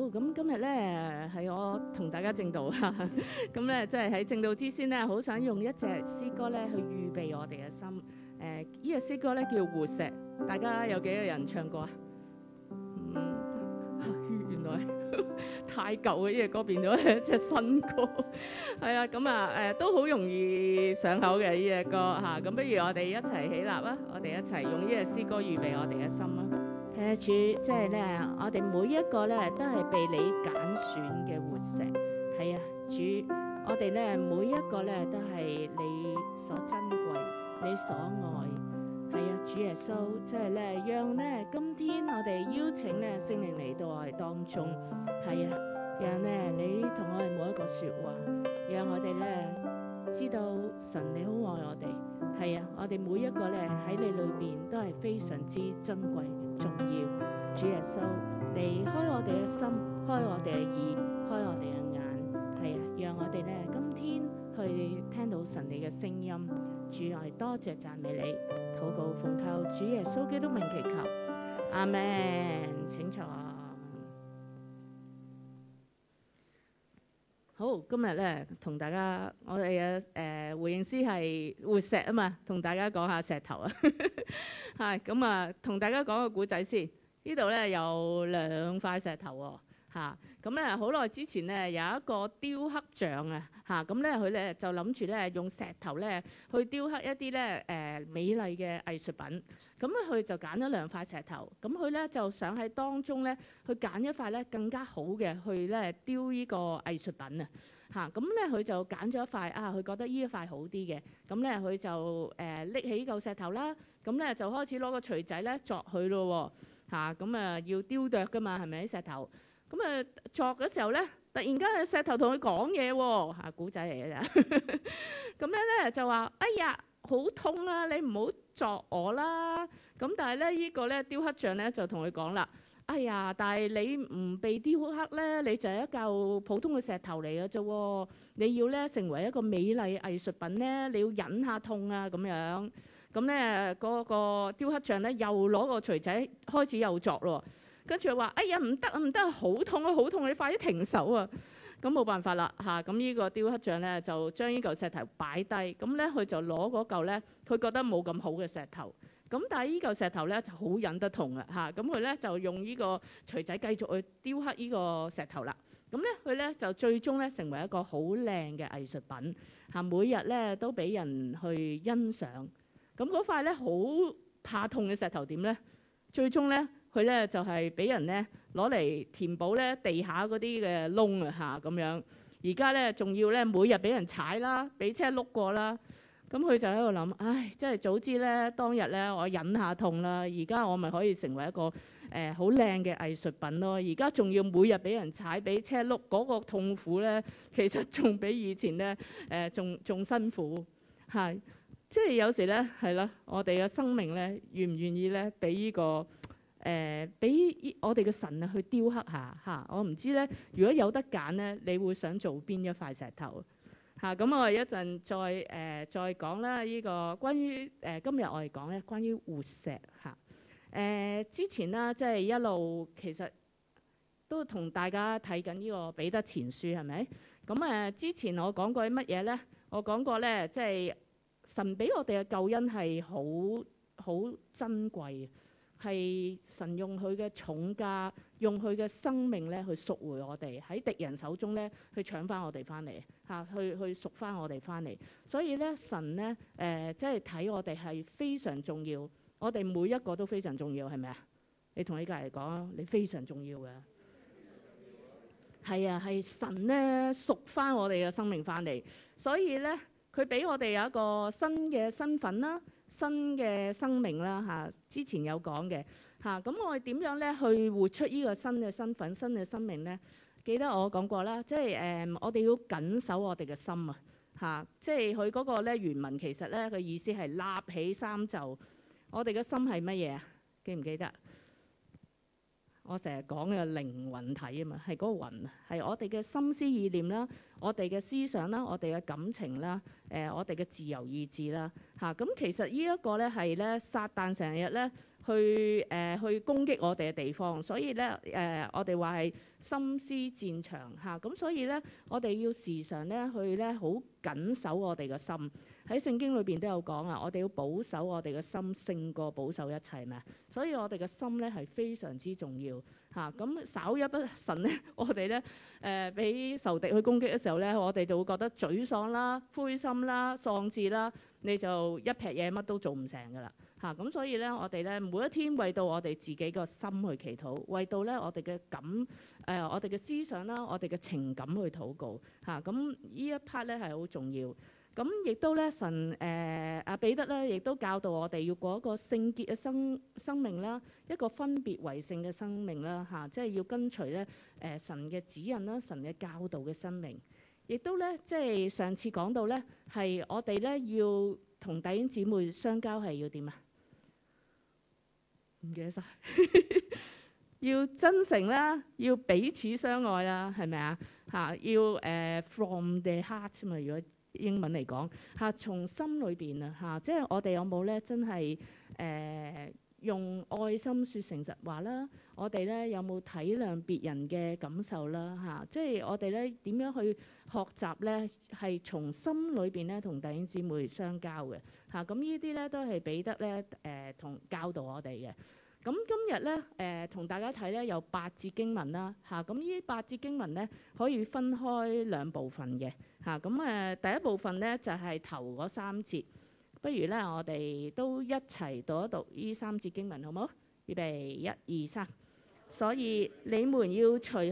好，咁今日咧係我同大家證道，咁咧即係喺證道之先咧，好想用一隻詩歌咧去預備我哋嘅心。誒，呢隻詩歌咧叫《活石》，大家有幾個人唱過啊？嗯，原來太舊嘅呢隻歌變咗一隻新歌，係啊，咁啊，誒都好容易上口嘅呢隻歌吓。咁不如我哋一齊起立啦，我哋一齊用呢隻詩歌預備我哋嘅心啦。主即係咧，我哋每一個咧都係被你揀選嘅活石。係啊，主，我哋咧每一個咧都係你所珍貴、你所愛。係啊，主耶穌，即係咧，讓咧今天我哋邀請咧聖靈嚟到我哋當中。係啊，讓咧你同我哋每一個說話，讓我哋咧知道神你好愛我哋。係啊，我哋每一個咧喺你裏邊都係非常之珍貴。重要，主耶穌，離開我哋嘅心，開我哋嘅耳，開我哋嘅眼，係啊，讓我哋咧，今天去聽到神你嘅聲音。主啊，多謝讚美你，禱告奉靠主耶穌基督名祈求，阿們，請坐。好，今日呢，同大家，我哋嘅誒回應詩係活石啊嘛，同大家講下石頭啊，係咁啊，同大家講個故仔先。這裏呢度咧有兩塊石頭喎，啊。嚇咁咧，好耐之前咧有一個雕刻匠啊，嚇咁咧，佢咧就諗住咧用石頭咧去雕刻一啲咧誒美麗嘅藝術品。咁、啊、咧，佢就揀咗兩塊石頭。咁佢咧就想喺當中咧去揀一塊咧更加好嘅去咧雕呢個藝術品啊。嚇咁咧，佢就揀咗一塊啊，佢覺得呢一塊好啲嘅。咁、啊、咧，佢就誒拎、呃、起嚿石頭啦。咁、啊、咧就開始攞個錘仔咧鑿佢咯。嚇咁啊，啊要雕琢噶嘛，係咪？喺石頭。咁啊鑿嘅時候咧，突然間石頭同佢講嘢喎，係古仔嚟㗎啫。咁咧咧就話：哎呀，好痛啊！你唔好鑿我啦。咁但係咧呢個咧雕刻匠咧就同佢講啦：哎呀，但係你唔被雕刻咧，你就係一嚿普通嘅石頭嚟嘅啫。你要咧成為一個美麗藝術品咧，你要忍下痛啊咁樣。咁咧嗰個雕刻匠咧又攞個錘仔開始又鑿咯。跟住話：哎呀，唔得啊，唔得，好痛啊，好痛啊！你快啲停手啊！咁冇辦法啦，嚇、啊！咁呢個雕刻匠咧，就將呢嚿石頭擺低。咁咧，佢就攞嗰嚿咧，佢覺得冇咁好嘅石頭。咁但係呢嚿石頭咧就好忍得痛啊！嚇、啊！咁佢咧就用呢個錘仔繼續去雕刻呢個石頭啦。咁咧，佢咧就最終咧成為一個好靚嘅藝術品嚇、啊。每日咧都俾人去欣賞。咁嗰塊咧好怕痛嘅石頭點咧？最終咧？佢咧就係、是、俾人咧攞嚟填補咧地下嗰啲嘅窿啊，嚇咁樣。而家咧仲要咧每日俾人踩啦，俾車碌過啦。咁佢就喺度諗，唉，即係早知咧當日咧我忍下痛啦，而家我咪可以成為一個誒好靚嘅藝術品咯。而家仲要每日俾人踩，俾車碌嗰、那個痛苦咧，其實仲比以前咧誒仲仲辛苦嚇、啊。即係有時咧係咯，我哋嘅生命咧願唔願意咧俾呢、這個？誒俾、呃、我哋嘅神啊去雕刻下嚇，我唔知咧，如果有得揀咧，你會想做邊一塊石頭嚇？咁我一陣再誒、呃、再講啦。呢、這個關於誒、呃、今日我哋講咧，關於活石嚇。誒、呃、之前啦，即、就、係、是、一路其實都同大家睇緊呢個彼得前書係咪？咁誒、呃、之前我講過啲乜嘢咧？我講過咧，即、就、係、是、神俾我哋嘅救恩係好好珍貴啊。係神用佢嘅重價，用佢嘅生命咧去贖回我哋，喺敵人手中咧去搶翻我哋翻嚟，吓、啊、去去贖翻我哋翻嚟。所以咧神咧誒、呃，即係睇我哋係非常重要，我哋每一個都非常重要，係咪啊？你同你隔籬講，你非常重要嘅，係 啊，係神咧贖翻我哋嘅生命翻嚟。所以咧，佢俾我哋有一個新嘅身份啦。新嘅生命啦吓，之前有講嘅吓，咁我哋點樣咧去活出呢個新嘅身份、新嘅生命咧？記得我講過啦，即係誒、嗯、我哋要緊守我哋嘅心啊吓，即係佢嗰個咧原文其實咧佢意思係立起衫袖，我哋嘅心係乜嘢啊？記唔記得？我成日講嘅靈魂體啊嘛，係嗰個魂，係我哋嘅心思意念啦，我哋嘅思想啦，我哋嘅感情啦，呃、我哋嘅自由意志啦，咁、啊、其實呢一個咧係咧撒旦成日咧。去誒、呃、去攻擊我哋嘅地方，所以咧誒、呃、我哋話係心思戰場嚇，咁、啊、所以咧我哋要時常咧去咧好緊守我哋嘅心。喺聖經裏邊都有講啊，我哋要保守我哋嘅心勝過保守一切咩？所以我哋嘅心咧係非常之重要嚇。咁、啊、稍一不慎咧，我哋咧誒俾仇敵去攻擊嘅時候咧，我哋就會覺得沮喪啦、灰心啦、喪志啦，你就一撇嘢乜都做唔成噶啦。嚇咁、啊、所以咧，我哋咧每一天為到我哋自己個心去祈禱，為到咧我哋嘅感誒，我哋嘅、呃、思想啦，我哋嘅情感去禱告嚇。咁、啊啊、呢一 part 咧係好重要。咁、啊、亦都咧，神誒阿、呃啊、彼得咧，亦都教導我哋要過一個聖潔嘅生生命啦，一個分別為聖嘅生命啦嚇，即係要跟隨咧誒神嘅指引啦，神嘅教導嘅生命。亦都咧，即係、呃、上次講到咧，係我哋咧要同弟兄姊妹相交係要點啊？唔記得晒，要真誠啦，要彼此相愛啦，係咪啊？嚇，要誒、uh, from the heart 嘛，如果英文嚟講嚇，從心裏邊啊嚇，即係我哋有冇咧真係誒、呃、用愛心説誠實話啦？我哋咧有冇體諒別人嘅感受啦？嚇、啊，即係我哋咧點樣去學習咧？係從心裏邊咧同弟兄姊妹相交嘅。嚇咁、啊、呢啲咧都係彼得咧誒同教導我哋嘅。咁、啊、今日咧誒同大家睇咧有八節經文啦嚇。咁、啊、呢八節經文咧可以分開兩部分嘅嚇。咁、啊、誒、啊、第一部分咧就係、是、頭嗰三節。不如咧我哋都一齊讀一讀呢三節經文好冇？預備一二三。所以你們要除去一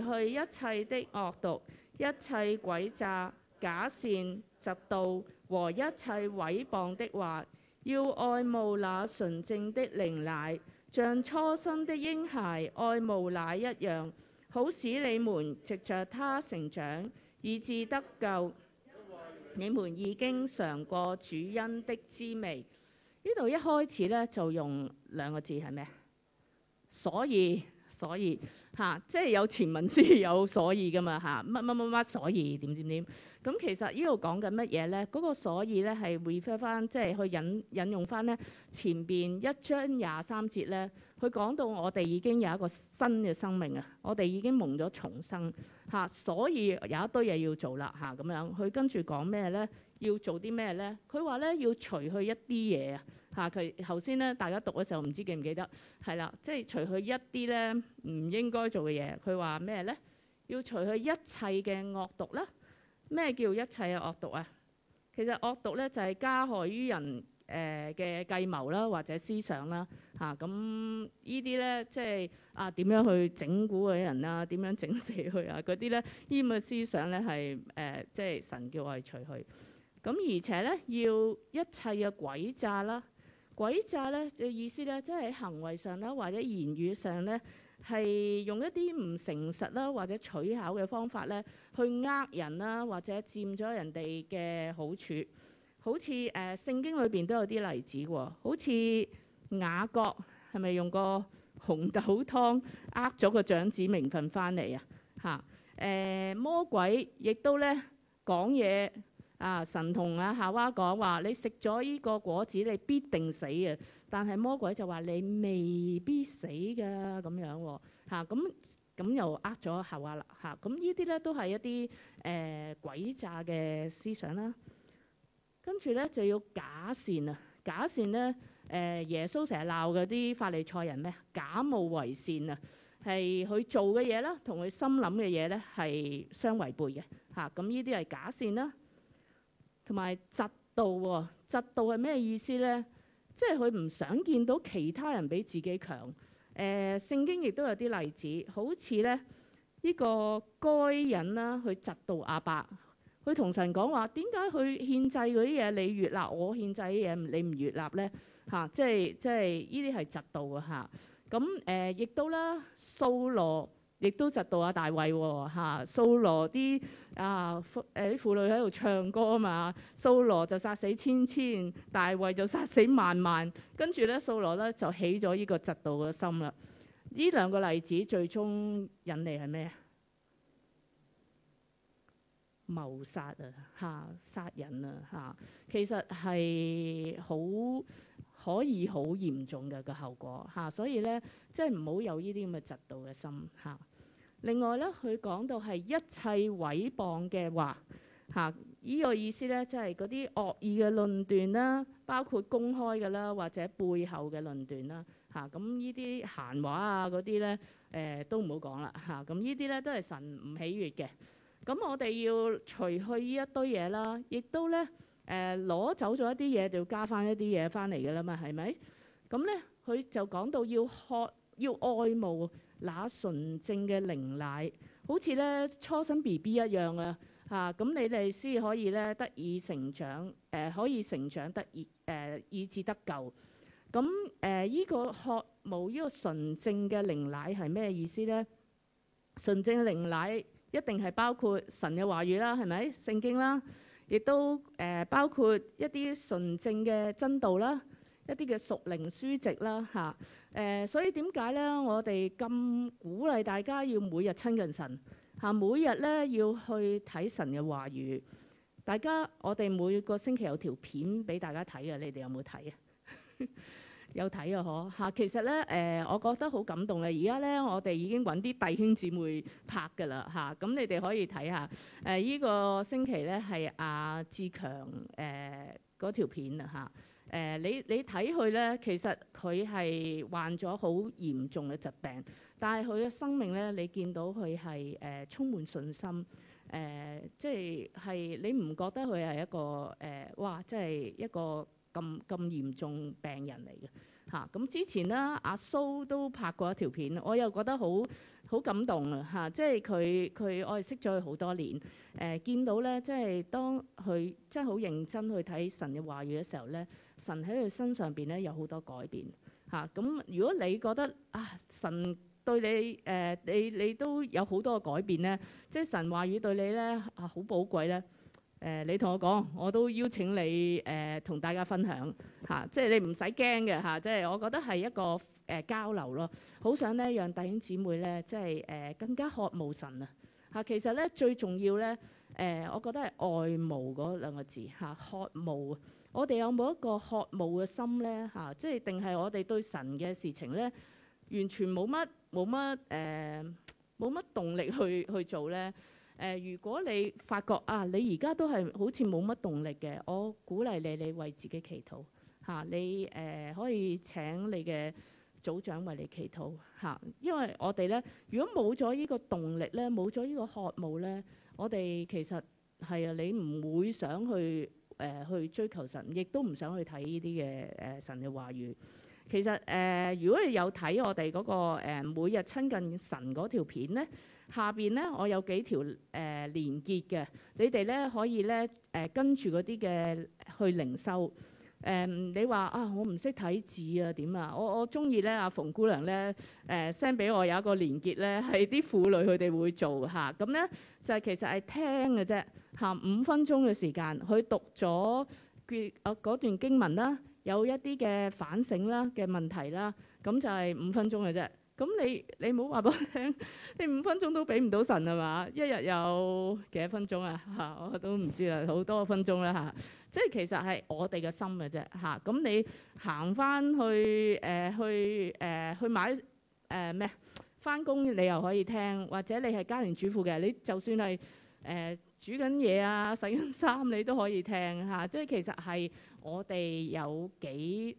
切的惡毒、一切詭詐、假善、嫉妒。和一切毀謗的話，要愛慕那純正的靈奶，像初生的嬰孩愛慕奶一樣，好使你們藉着他成長，以致得救。你們已經嘗過主恩的滋味。呢度一開始呢，就用兩個字，係咩？所以，所以。吓、啊，即係有前文先有所以㗎嘛吓，乜乜乜乜所以點點點？咁其實呢度講緊乜嘢咧？嗰、啊那個所以咧係 refer 翻，即係去引引用翻咧前邊一章廿三節咧，佢講到我哋已經有一個新嘅生命啊，我哋已經蒙咗重生吓、啊，所以有一堆嘢要做啦吓，咁、啊、樣佢跟住講咩咧？要做啲咩咧？佢話咧要除去一啲嘢。嚇，佢頭先咧，大家讀嘅時候唔知記唔記得？係啦，即係除去一啲咧唔應該做嘅嘢。佢話咩咧？要除去一切嘅惡毒啦。咩叫一切嘅惡毒啊？其實惡毒咧就係、是、加害於人誒嘅、呃、計謀啦，或者思想啦嚇。咁、啊、呢啲咧即係啊點樣去整蠱嘅人啦？點樣整死佢啊？嗰啲咧呢咁嘅思想咧係誒即係神叫我哋除去。咁、啊、而且咧要一切嘅詭詐啦。鬼詐咧就意思咧，即係喺行為上啦，或者言語上咧，係用一啲唔誠實啦，或者取巧嘅方法咧，去呃人啦，或者佔咗人哋嘅好處。好似誒、呃、聖經裏邊都有啲例子喎、哦，好似雅各係咪用個紅豆湯呃咗個長子名分翻嚟啊？嚇、啊、誒、呃、魔鬼亦都咧講嘢。啊！神同啊夏娃講話：你食咗呢個果子，你必定死嘅。但係魔鬼就話你未必死㗎，咁樣喎嚇。咁咁又呃咗夏娃啦嚇。咁呢啲咧都係一啲誒鬼詐嘅思想啦。跟住咧就要假善啊！假善咧誒，耶穌成日鬧嗰啲法利賽人咩？假冒為善啊，係佢做嘅嘢啦，同佢心諗嘅嘢咧係相違背嘅嚇。咁呢啲係假善啦。同埋嫉妒喎，嫉妒係咩意思呢？即係佢唔想見到其他人比自己強。誒、呃，聖經亦都有啲例子，好似咧呢、呢個該隱啦，佢嫉妒亞伯，佢同神講話：點解佢獻祭嗰啲嘢你悅納，我獻祭啲嘢你唔悅納呢？嚇、啊，即係即係呢啲係嫉妒啊！嚇，咁誒亦都啦，掃羅。亦都窒到、哦、啊，大衛，吓、啊，嚇，掃羅啲啊誒啲婦女喺度唱歌嘛，掃羅就殺死千千，大衛就殺死萬萬，跟住咧掃羅咧就起咗呢個窒道嘅心啦。呢兩個例子最終引嚟係咩啊？謀殺啊嚇，殺人啊嚇、啊，其實係好可以好嚴重嘅、這個後果嚇、啊，所以咧即係唔好有呢啲咁嘅窒道嘅心嚇。啊另外咧，佢講到係一切毀謗嘅話，嚇、啊、依、這個意思咧，即係嗰啲惡意嘅論斷啦，包括公開嘅啦，或者背後嘅論斷啦，嚇咁呢啲閒話啊嗰啲咧，誒、呃、都唔好講啦，嚇、啊、咁呢啲咧都係神唔喜悅嘅。咁我哋要除去呢一堆嘢啦，亦都咧誒攞走咗一啲嘢，就要加翻一啲嘢翻嚟㗎啦嘛，係咪？咁咧佢就講到要喝。要愛慕那純正嘅靈奶，好似咧初生 B B 一樣啊！嚇，咁你哋先可以咧得以成長，誒、呃、可以成長得以誒、呃、以致得救。咁誒依個渴慕依、依個純正嘅靈奶係咩意思咧？純正嘅靈奶一定係包括神嘅話語啦，係咪聖經啦？亦都誒、呃、包括一啲純正嘅真道啦。一啲嘅屬靈書籍啦吓，誒、啊，所以點解咧？我哋咁鼓勵大家要每日親近神嚇、啊，每日咧要去睇神嘅話語。大家，我哋每個星期有條片俾大家睇嘅，你哋有冇睇 啊？有睇啊，嗬，嚇。其實咧，誒、呃，我覺得好感動嘅。而家咧，我哋已經揾啲弟兄姊妹拍嘅啦吓，咁、啊、你哋可以睇下。誒、啊，依、這個星期咧係阿志強誒嗰、呃、條片啊嚇。誒、呃、你你睇佢咧，其實佢係患咗好嚴重嘅疾病，但係佢嘅生命咧，你見到佢係誒充滿信心，誒、呃、即係係你唔覺得佢係一個誒、呃、哇，即係一個咁咁嚴重病人嚟嘅嚇。咁、啊、之前咧，阿蘇都拍過一條片，我又覺得好。好感動啊！嚇，即係佢佢，我哋識咗佢好多年。誒、呃，見到咧，即係當佢即係好認真去睇神嘅話語嘅時候咧，神喺佢身上邊咧，有好多改變嚇。咁、啊、如果你覺得啊，神對你誒、呃，你你都有好多改變咧，即係神話語對你咧啊，好寶貴咧。誒、呃，你同我講，我都邀請你誒、呃、同大家分享嚇、啊。即係你唔使驚嘅嚇。即係我覺得係一個。誒交流咯，好想咧，讓弟兄姊妹咧，即係誒更加渴慕神啊嚇、啊。其實咧，最重要咧，誒、呃，我覺得係愛慕嗰兩個字嚇、啊。渴慕，我哋有冇一個渴慕嘅心咧嚇、啊？即係定係我哋對神嘅事情咧，完全冇乜冇乜誒冇乜動力去去做咧？誒、呃，如果你發覺啊，你而家都係好似冇乜動力嘅，我鼓勵你，你為自己祈禱嚇、啊。你誒、呃，可以請你嘅。組長為你祈禱嚇、啊，因為我哋咧，如果冇咗呢個動力咧，冇咗呢個渴慕咧，我哋其實係啊，你唔會想去誒、呃、去追求神，亦都唔想去睇呢啲嘅誒神嘅話語。其實誒、呃，如果你有睇我哋嗰、那個、呃、每日親近神嗰條片咧，下邊咧，我有幾條誒、呃、連結嘅，你哋咧可以咧誒、呃、跟住嗰啲嘅去靈修。誒，你話啊，我唔識睇字啊，點啊？我我鍾意咧，阿馮姑娘咧，誒 send 俾我有一個連結咧，係啲婦女佢哋會做吓。咁咧就係其實係聽嘅啫，吓五分鐘嘅時間，佢讀咗嗰段經文啦，有一啲嘅反省啦嘅問題啦，咁就係五分鐘嘅啫。咁你你冇話俾我聽，你五分鐘都俾唔到神係嘛？一日有幾分、啊啊、多分鐘啊？嚇，我都唔知啦，好多分鐘啦嚇。即係其實係我哋嘅心嘅啫嚇。咁、啊、你行翻去誒、呃、去誒、呃、去買誒咩？翻、呃、工你又可以聽，或者你係家庭主婦嘅，你就算係誒、呃、煮緊嘢啊、洗緊衫，你都可以聽嚇、啊。即係其實係我哋有幾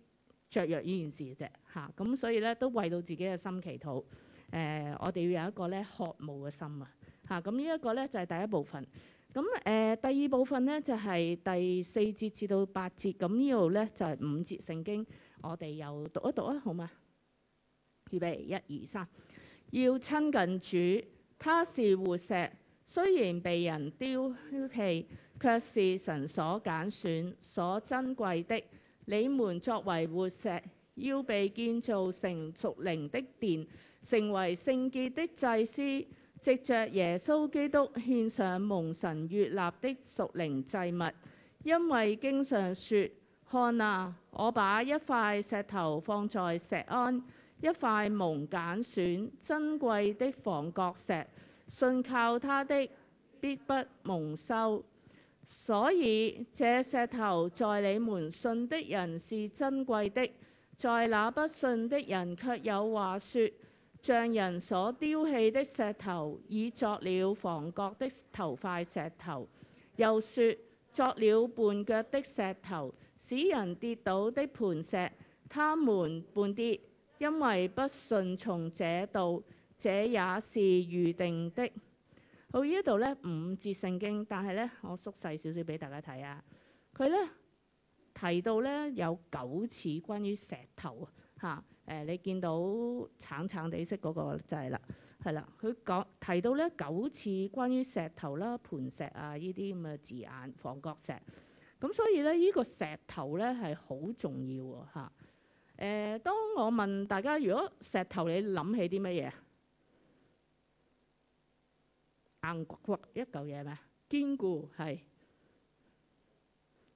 雀躍呢件事嘅啫。咁、啊、所以咧都為到自己嘅心祈禱。誒、呃、我哋要有一個咧渴慕嘅心啊！嚇、啊、咁呢一個咧就係、是、第一部分，咁、啊、誒第二部分咧就係、是、第四節至到八節。咁、嗯、呢度咧就係、是、五節聖經。我哋又讀一讀啊，好嗎？預備，一二三，要親近主，他是活石，雖然被人丟棄，卻是神所揀選、所珍貴的。你們作為活石。要被建造成屬靈的殿，成為聖潔的祭司，藉着耶穌基督獻上蒙神悅納的屬靈祭物。因為經上說：看啊，我把一塊石頭放在錫安，一塊蒙揀選、珍貴的房角石。信靠他的必不蒙羞。所以這石頭在你們信的人是珍貴的。在那不信的人卻有話說：匠人所丟棄的石頭，已作了房角的頭塊石頭；又說：作了絆腳的石頭，使人跌倒的磐石。他們半跌，因為不信從這道，這也是預定的。好，呢度呢，五節聖經，但係呢，我縮細少少俾大家睇啊。佢咧，提到咧有九次關於石頭啊嚇，誒、呃、你見到橙橙地色嗰個就係啦，係啦，佢講提到咧九次關於石頭啦，盤、啊、石啊呢啲咁嘅字眼，房角石，咁所以咧呢、呢個石頭咧係好重要嚇。誒、啊呃，當我問大家，如果石頭你諗起啲乜嘢？硬骨骨一嚿嘢咩？堅固係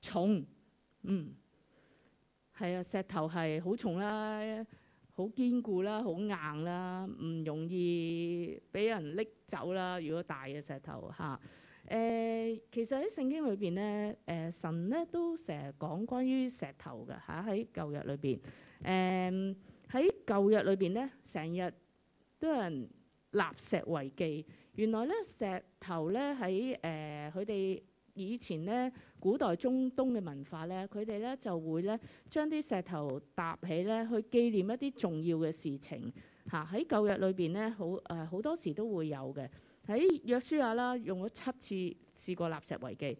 重。嗯，係啊，石頭係好重啦，好堅固啦，好硬啦，唔容易俾人拎走啦。如果大嘅石頭吓，誒、嗯，其實喺聖經裏邊咧，誒，神咧都成日講關於石頭嘅吓。喺舊約裏邊，誒、嗯，喺舊約裏邊咧，成日都有人立石為記。原來咧石頭咧喺誒佢哋，以前咧，古代中東嘅文化咧，佢哋咧就會咧將啲石頭搭起咧，去紀念一啲重要嘅事情。吓、啊、喺舊約裏邊咧，好誒好、呃、多時都會有嘅。喺約書亞啦，用咗七次試過立石為記，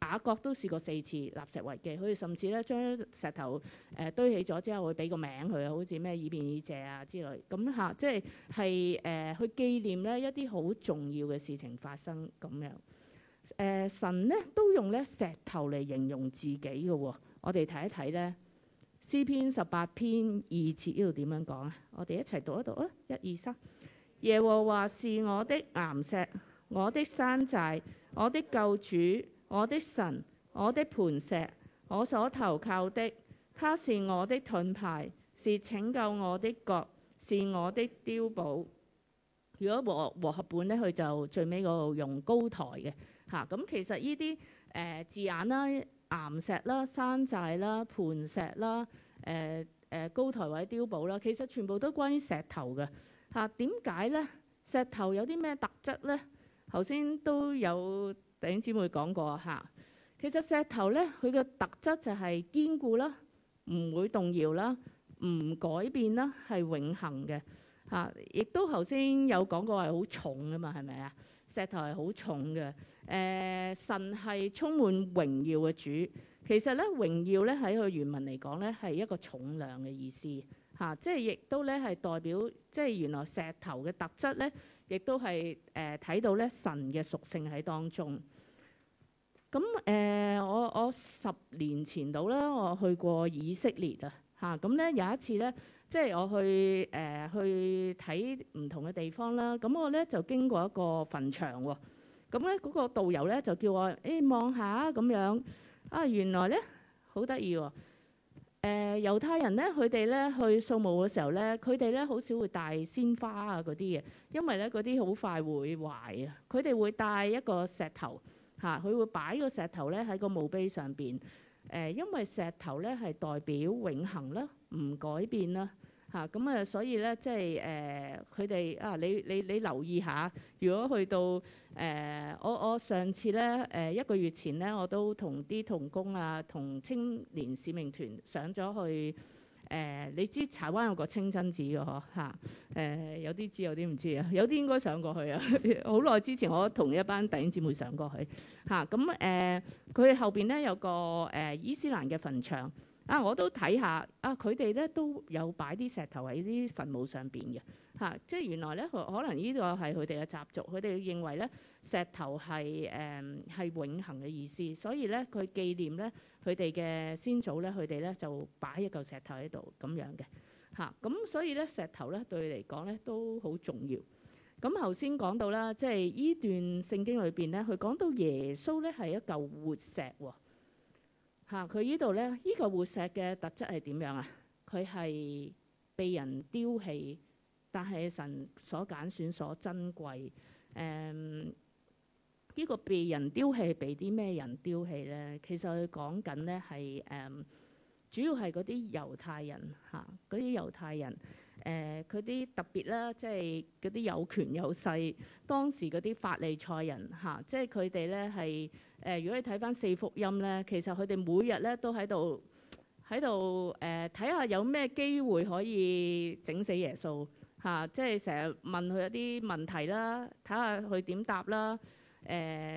雅各都試過四次立石為記。佢哋甚至咧將石頭誒、呃、堆起咗之後，會俾個名佢啊，好似咩以便以謝啊之類。咁吓、啊、即係係誒去紀念咧一啲好重要嘅事情發生咁樣。誒、呃、神咧都用咧石頭嚟形容自己嘅喎、哦。我哋睇一睇呢詩篇十八篇二節呢度點樣講啊？我哋一齊讀一讀啊！一二三，耶和華是我的岩石，我的山寨，我的救主，我的神，我的磐石，我所投靠的。他是我的盾牌，是拯救我的國，是我的碉堡。如果和和合本呢，佢就最尾嗰度用高台嘅。嚇，咁、啊、其實呢啲誒字眼啦、岩石啦、山寨啦、盤石啦、誒、呃、誒、呃、高台位碉堡啦，其實全部都關於石頭嘅。嚇、啊，點解咧？石頭有啲咩特質咧？頭先都有頂姊妹講過嚇、啊。其實石頭咧，佢嘅特質就係堅固啦，唔會動搖啦，唔改變啦，係永恆嘅。嚇、啊，亦都頭先有講過係好重嘅嘛，係咪啊？石頭係好重嘅，誒、呃、神係充滿榮耀嘅主。其實咧，榮耀咧喺佢原文嚟講咧係一個重量嘅意思，嚇、啊，即係亦都咧係代表，即係原來石頭嘅特質咧，亦都係誒睇到咧神嘅屬性喺當中。咁誒、呃，我我十年前到啦，我去過以色列啊，嚇，咁咧有一次咧。即係我去誒、呃、去睇唔同嘅地方啦，咁我咧就經過一個墳場喎，咁咧嗰個導遊咧就叫我誒望下咁樣，啊原來咧好得意喎，誒、呃、猶太人咧佢哋咧去掃墓嘅時候咧，佢哋咧好少會帶鮮花啊嗰啲嘅，因為咧嗰啲好快會壞啊，佢哋會帶一個石頭嚇，佢、啊、會擺個石頭咧喺個墓碑上邊，誒、呃、因為石頭咧係代表永恆啦，唔改變啦。嚇，咁啊！所以咧，即係誒，佢、呃、哋啊，你你你留意下，如果去到誒、呃，我我上次咧誒、呃、一個月前咧，我都同啲童工啊，同青年使命團上咗去誒、呃。你知柴灣有個清真寺嘅呵嚇誒，有啲知，有啲唔知啊，有啲應該上過去啊。好 耐之前，我同一班弟兄姊妹上過去嚇。咁、啊、誒，佢、嗯呃、後邊咧有個誒、呃、伊斯蘭嘅墳場。啊！我都睇下，啊，佢哋咧都有擺啲石頭喺啲墳墓上邊嘅，嚇、啊，即係原來咧可能呢個係佢哋嘅習俗，佢哋認為咧石頭係誒係永恆嘅意思，所以咧佢紀念咧佢哋嘅先祖咧，佢哋咧就擺一嚿石頭喺度咁樣嘅，嚇、啊，咁所以咧石頭咧對佢哋嚟講咧都好重要。咁頭先講到啦，即係呢段聖經裏邊咧，佢講到耶穌咧係一嚿活石喎、哦。嚇，佢、啊、呢度咧，呢、這個活石嘅特質係點樣啊？佢係被人丟棄，但係神所揀選所珍貴。誒、嗯，呢、這個被人丟棄，畀啲咩人丟棄咧？其實佢講緊咧係誒，主要係嗰啲猶太人嚇，嗰啲猶太人，啊誒，佢啲特別啦，即係嗰啲有權有勢，當時嗰啲法利賽人嚇、啊，即係佢哋咧係誒。如果你睇翻四福音咧，其實佢哋每日咧都喺度喺度誒睇下有咩機會可以整死耶穌嚇、啊，即係成日問佢一啲問題啦，睇下佢點答啦，誒、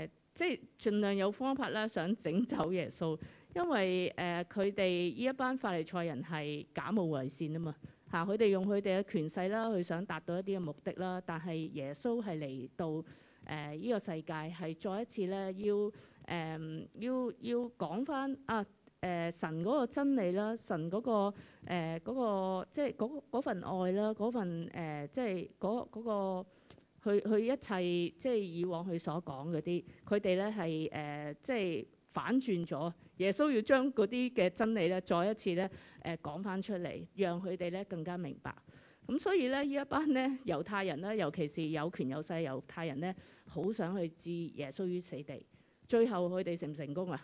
啊、即係盡量有方法啦，想整走耶穌，因為誒佢哋呢一班法利賽人係假冒為善啊嘛。嚇！佢哋用佢哋嘅權勢啦，去想達到一啲嘅目的啦。但係耶穌係嚟到誒呢、呃呢個世界，係再一次咧，要誒、呃、要要講翻啊誒、呃、神嗰個真理啦，神嗰、嗰個誒、呃嗰個、即係嗰份愛啦，嗰份誒、呃、即係嗰嗰個佢一切即係以往佢所講嗰啲，佢哋咧係誒即係。反轉咗，耶穌要將嗰啲嘅真理咧，再一次咧，誒講翻出嚟，讓佢哋咧更加明白。咁所以咧，呢一班咧猶太人咧，尤其是有權有勢猶太人咧，好想去置耶穌於死地。最後佢哋成唔成功啊？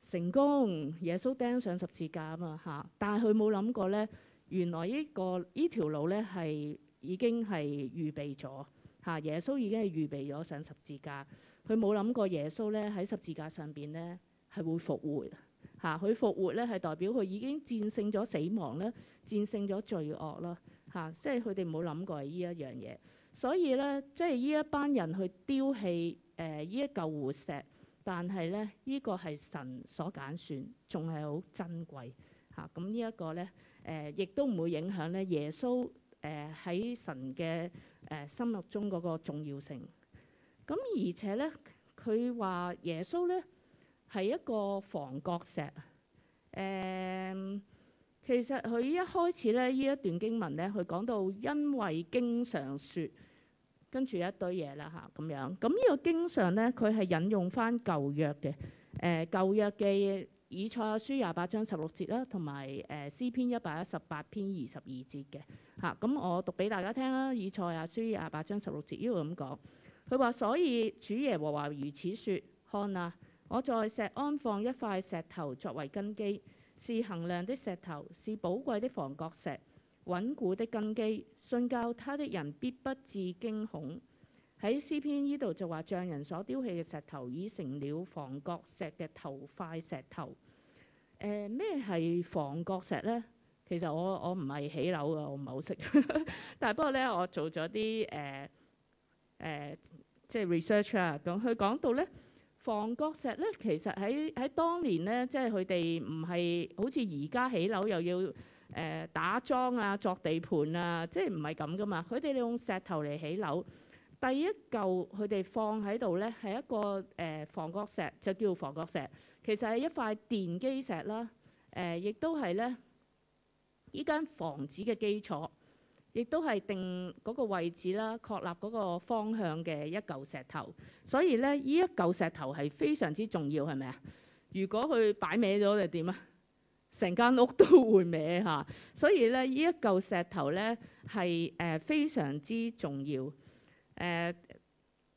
成功，耶穌釘上十字架啊嘛嚇！但係佢冇諗過咧，原來呢個呢條路咧係已經係預備咗嚇，耶穌已經係預備咗上十字架。佢冇諗過耶穌咧喺十字架上邊咧係會復活，嚇、啊、佢復活咧係代表佢已經戰勝咗死亡咧，戰勝咗罪惡啦，嚇、啊、即係佢哋冇諗過呢一樣嘢，所以咧即係呢一班人去丟棄誒依、呃、一嚿活石，但係咧呢、呢個係神所揀選，仲係好珍貴嚇咁、啊、呢一個咧誒，亦都唔會影響咧耶穌誒喺、呃、神嘅誒、呃、心目中嗰個重要性。咁而且咧，佢話耶穌咧係一個房角石。誒、嗯，其實佢一開始咧，呢一段經文咧，佢講到因為經上説，跟住一堆嘢啦嚇咁樣。咁、嗯、呢、這個經上咧，佢係引用返舊約嘅。誒、呃，舊約嘅以賽亞書廿八章十六節啦，同埋誒詩篇一百一十八篇二十二節嘅吓，咁、啊嗯、我讀俾大家聽啦，以賽亞書廿八章十六節，呢度咁講。佢話：所以主耶和華如此説，看啊！我在錫安放一塊石頭作為根基，是衡量的石頭，是寶貴的房角石，穩固的根基。信靠他的人必不至驚恐。喺詩篇呢度就話，匠人所丟棄嘅石頭，已成了房角石嘅頭塊石頭。誒，咩係房角石呢？其實我我唔係起樓噶，我唔係好識。 但係不過呢，我做咗啲誒。呃誒、呃，即係 research 啊，咁佢講到咧，房角石咧，其實喺喺當年咧，即係佢哋唔係好似而家起樓又要誒、呃、打樁啊、作地盤啊，即係唔係咁噶嘛？佢哋用石頭嚟起樓，第一嚿佢哋放喺度咧，係一個誒房、呃、角石，就叫房角石，其實係一塊奠基石啦，誒、呃，亦都係咧依間房子嘅基礎。亦都係定嗰個位置啦，確立嗰個方向嘅一嚿石頭，所以咧呢一嚿石頭係非常之重要，係咪啊？如果佢擺歪咗，就點啊？成間屋都會歪嚇，所以咧呢一嚿石頭咧係誒非常之重要。誒、呃，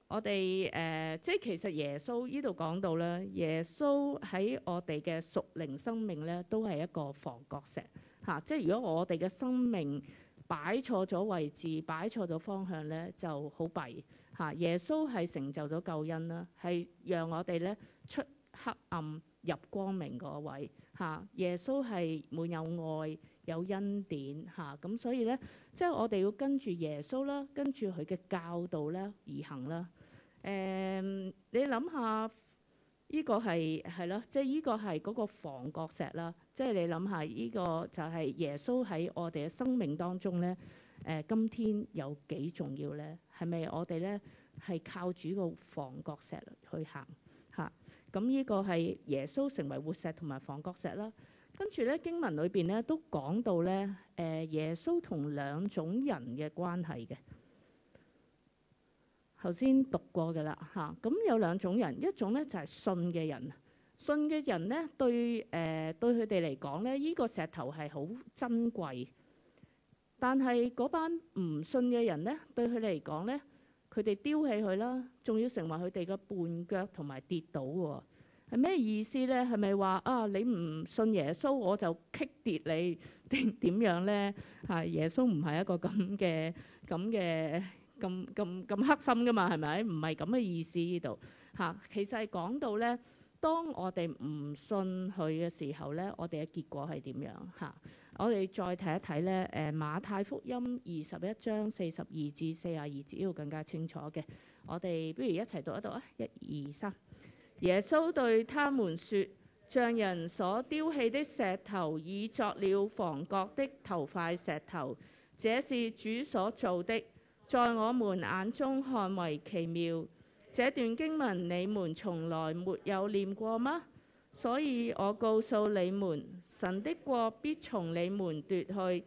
我哋誒、呃、即係其實耶穌呢度講到咧，耶穌喺我哋嘅屬靈生命咧都係一個房角石嚇、啊，即係如果我哋嘅生命擺錯咗位置，擺錯咗方向呢就好弊嚇。耶穌係成就咗救恩啦，係讓我哋呢出黑暗入光明嗰位嚇。耶穌係滿有愛，有恩典嚇，咁、啊、所以呢，即係我哋要跟住耶穌啦，跟住佢嘅教導咧而行啦。誒、嗯，你諗下？呢個係係咯，即係呢個係嗰個防角石啦。即係你諗下，呢個就係耶穌喺我哋嘅生命當中咧，誒、呃，今天有幾重要咧？係咪我哋咧係靠住個防角石去行嚇？咁呢、嗯，呢個係耶穌成為活石同埋防角石啦。跟住咧經文裏邊咧都講到咧，誒、呃，耶穌同兩種人嘅關係嘅。後先讀過嘅啦嚇，咁、啊嗯、有兩種人，一種咧就係、是、信嘅人，信嘅人咧對誒、呃、對佢哋嚟講咧，依、這個石頭係好珍貴，但係嗰班唔信嘅人咧，對佢哋嚟講咧，佢哋丟棄佢啦，仲要成為佢哋嘅半腳同埋跌倒喎，哦，係咩意思咧？係咪話啊你唔信耶穌我就棘跌你定點樣咧？嚇、啊、耶穌唔係一個咁嘅咁嘅。咁咁咁黑心噶嘛？係咪唔係咁嘅意思呢度吓？其實講到咧，當我哋唔信佢嘅時候咧，我哋嘅結果係點樣吓、啊？我哋再睇一睇咧，誒馬太福音二十一章四十二至四十二節，要更加清楚嘅。我哋不如一齊讀一讀啊！一二三，耶穌對他們說，匠人所丟棄的石頭已作了房角的頭塊石頭，這是主所做的。在我們眼中看為奇妙，這段經文你們從來沒有念過嗎？所以我告訴你們，神的國必從你們奪去，賜